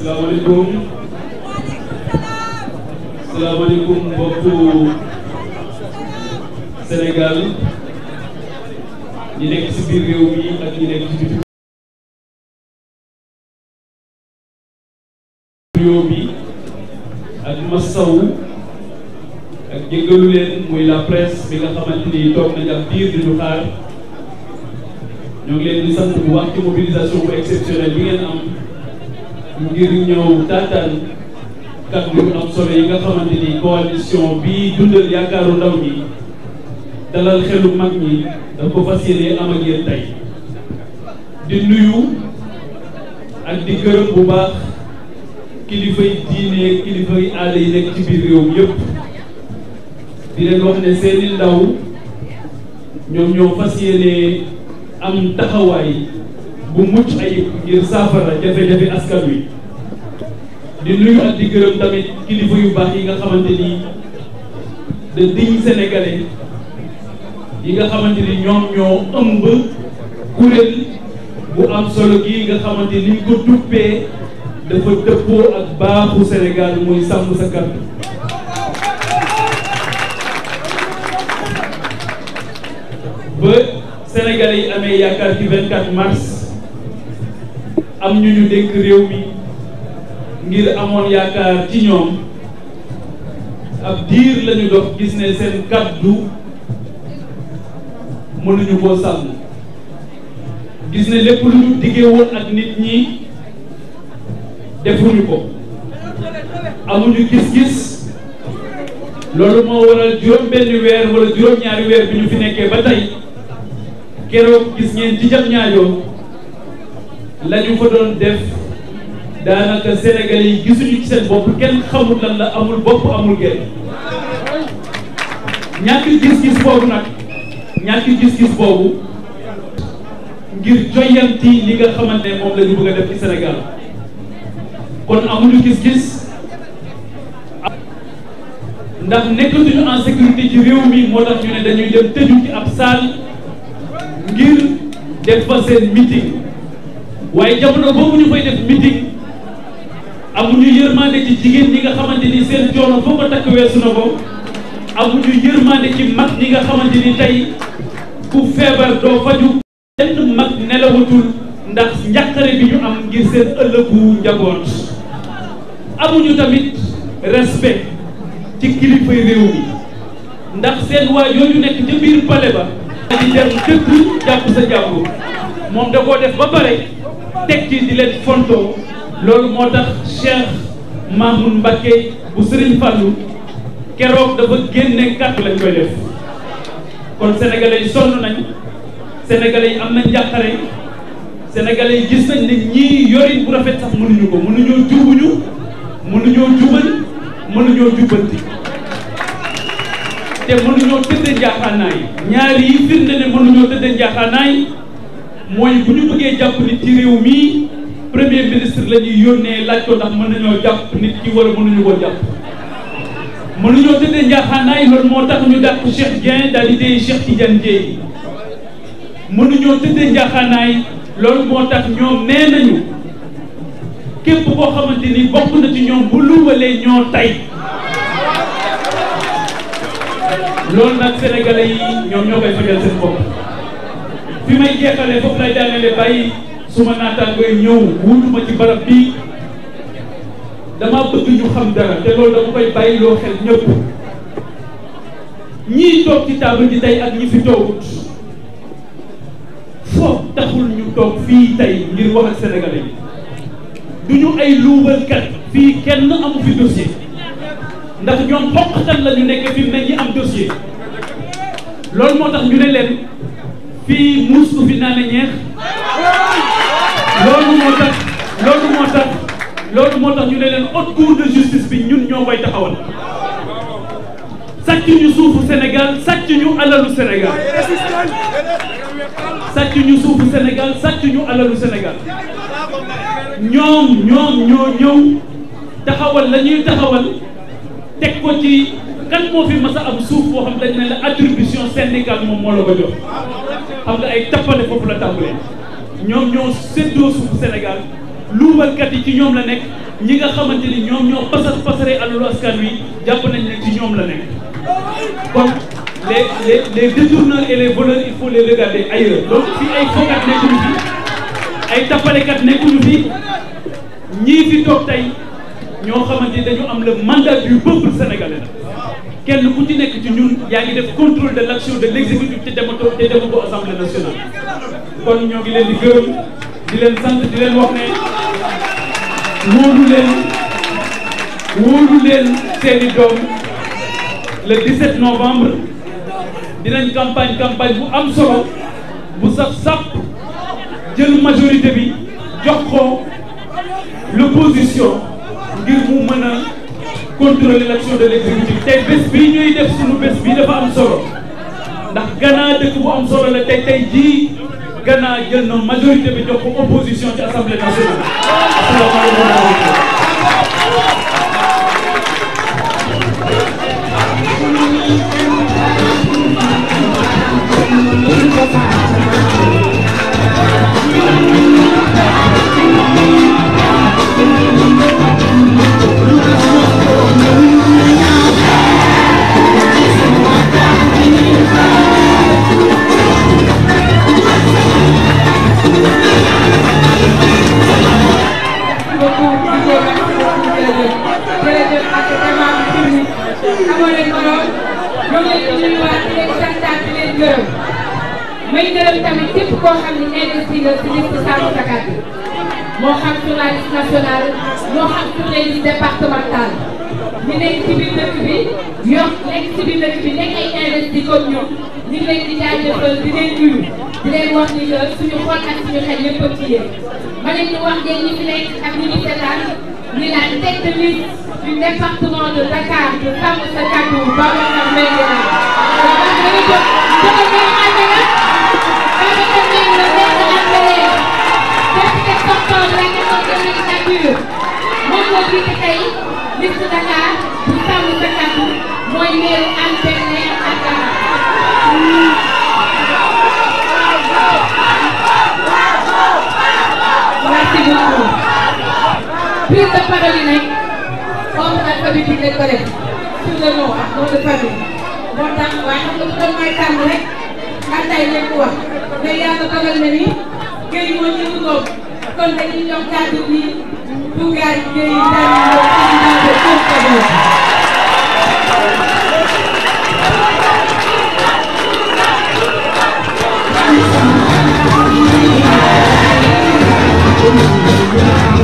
salaamaaleykum salaamaaleykum mbokku Sénégal ñi nekk ci biir réew mi ak ñi nekk ci biir ak masaw ak jéggalu leen muy la presse bi nga xamante ni toog di ñu xaar ñoo ngi leen di sant bu wax ci mobilisation bu exceptionnelle bi ngeen am ngir ñëw taataan kàddu yu am solo yi nga xamante ni coalition bi dundal yaakaaru ndaw ñi dalal xelu mag ñi da fas yéene am ak tey di nuyu ak di gërëm bu baax kilifay diine kilifay aada yi nekk ci biir réew mi di leen wax ne seeni ndaw ñoom ñoo fas yéene am taxawaay bu mucc ayib ngir saafara jafe-jafe askan wi di nuyu di gërëm tamit kilifa yu baax yi nga xamante ni de dignes yi nga xamante ni ñoom ñoo ëmb kuréel bu am solo gii nga xamante ni ko duppee dafa dëppoo ak baaxu Sénégal muy sàmm sa kàddu sénégalais yi amee yaakaar ci 24 mars am ñu ñu dénk réew mi ngir amoon yaakaar ci ñoom ab diir lañu dox gis ne seen kàddu mënuñu koo sàmm gis ne lépp lu ñu diggee woon ak nit ñi defuñu ko amuñu gis-gis loolu moo waral juróom benn weer wala juróom-ñaari weer bi ñu fi nekkee ba tey keroog gis ngeen ci jam ñaajoo la ñu fa doon def daanaka sénégalais yi gisuñu ci seen bopp kenn xamul lan la amul bopp amul genn ñàkk gis-gis boobu nag ñàkk gis-gis boobu ngir joyanti li nga xamante ne moom la ñu bëgg a def ci Sénégal kon amuñu gis-gis ndax nekkatuñu en sécurité ci réew mi moo tax ñu ne dañuy dem tëju ci ab salle ngir def fa seen meeting waaye jamono boobu ñu fay def meeting amuñu yërmande ci jigéen ñi nga xamante ni seen coono foo ko takk weesu na ko amuñu yërmande ci mag ñi nga xamante ni tey ku feebar doo faju benn mag nelawatul ndax njàqare bi ñu am ngir seen ëllëgu njaboot amuñu tamit respect ci kilifay réew mi ndax seen waa yooyu nekk ca biir pale ba di dem dëkk jàpp sa jàmbur moom da koo def ba pare teg ci di leen fontoo loolu moo tax Cheikh Mahmoud Mbacké bu Serigne Fallou keroog dafa génne kàddu lañ koy def kon sénégalais yi sonn nañ sénégalais yi am nañ njàqare sénégalais yi gis nañ ne ñii yorin bu rafet sax mënuñu ko mënuñoo jubuñu mënuñoo jubal mënuñoo jubbanti te mënuñoo tëddee njaaxaanaay ñaari yi firnde ne mënuñoo tëddee njaaxaanaay mooy bu ñu bëggee jàpp nit ci réew mi premier ministre la yónnee laaj ko ndax mën nañoo jàpp nit ki wala mënuñu koo jàpp. mënuñoo tëddee njaaxaanaay loolu moo tax ñu dàq Cheikh Dieng daal di dee Cheikh Tidiane Dieye mënuñoo tëddee njaaxaanaay loolu moo tax ñoom nee nañu képp koo xamante ni bokk na ci ñoom bu luwalee ñoo tay. loolu nag sénégalais yi ñoom ñoo koy fajal seen bopp fi may jeexalee foofu lay daanele bàyyi su ma naataangooy ñëw wutuma ci barab bii dama bëgg ñu xam dara te loolu dama koy bàyyi loo xel ñëpp ñii toog ci table ji tey ak ñi fi toogut foog taxul ñu toog fii tey ngir wax ak sénégalais yi du ñu ay luubalkat fii kenn amu fi dossier ndax ñoom xoqatan la ñu nekk fi mu ne dossier loolu moo tax ñu ne leen fii muus ku fi naan ñeex loolu moo tax loolu moo tax ñu ne leen haute cour justice bi ñun ñoo koy taxawal sàcc ñu suufu Sénégal sàcc ñu alalu Sénégal sàcc ñu suufu Sénégal sàcc ñu alalu Sénégal ñoom ñoom ñoo ñëw taxawal la taxawal teg ko ci. kan moo fi mas a am suuf boo xam ne la attribution syndicale moom moo la ko jox xam nga ay tappale foofu la tàmbalee ñoom ñoo séddoo suufu Sénégal luubalkat yi ci ñoom la nekk ñi nga xamante ni ñoom ñoo pasas pasare alalu askan wi jàpp nañ ne ci ñoom la nekk kon les les les détourneurs et les voleurs il faut les fi ay fokat nekkuñu fi ay tappalekat nekkuñu fi ñii fi toog tey ñoo xamante ni dañu am le mandat du peuple sénégalais la kenn ku ci nekk ci ñun yaa ngi def contrôle de l' action de l' exécutif te dematoo te dematoo assemblée nationale kon ñoo ngi leen di gërëm di leen sant di leen wax ne wóolu leen wóolu leen seeni doom le 17 novembre dinañ campagne campagne bu am solo bu saf sàpp jël majorité bi jox ko l'opposition ngir mu mën a contrôler l'action de l'exécutif tey bés bii ñuy def suñu bés bii dafa am solo ndax Ghana dëkk bu am solo la tey tey jii Ghana jël na majorité bi jox ko opposition ci assemblée nationale asalaamaaleykum koo xam ne investi na ci liste sàmm sakkat bi moo xam sur nationale moo xam sur les listes départementales ñu ci biir dëkk bi yor nekk ci biir dëkk bi nekk ay investi comme ñoom ñu ngi leen di jaajëfal di leen nuyu di leen wax ni suñu xol ak suñu xel yëpp a ci ma leen di wax yéen ñi fi nekk ak ñi ñu seetaan ni la tête de liste du département de Dakar de Sàmm Sa Kàddu Babacar Mbengue la. moo tax waaye xam nga bu doon may tàmm rek man tey leen ko wax mais yàlla dogal na ni géej moo njëkk góob kon dañuy jox kàddu gi Bougane Gueye Dany Lo président de Kër Kadour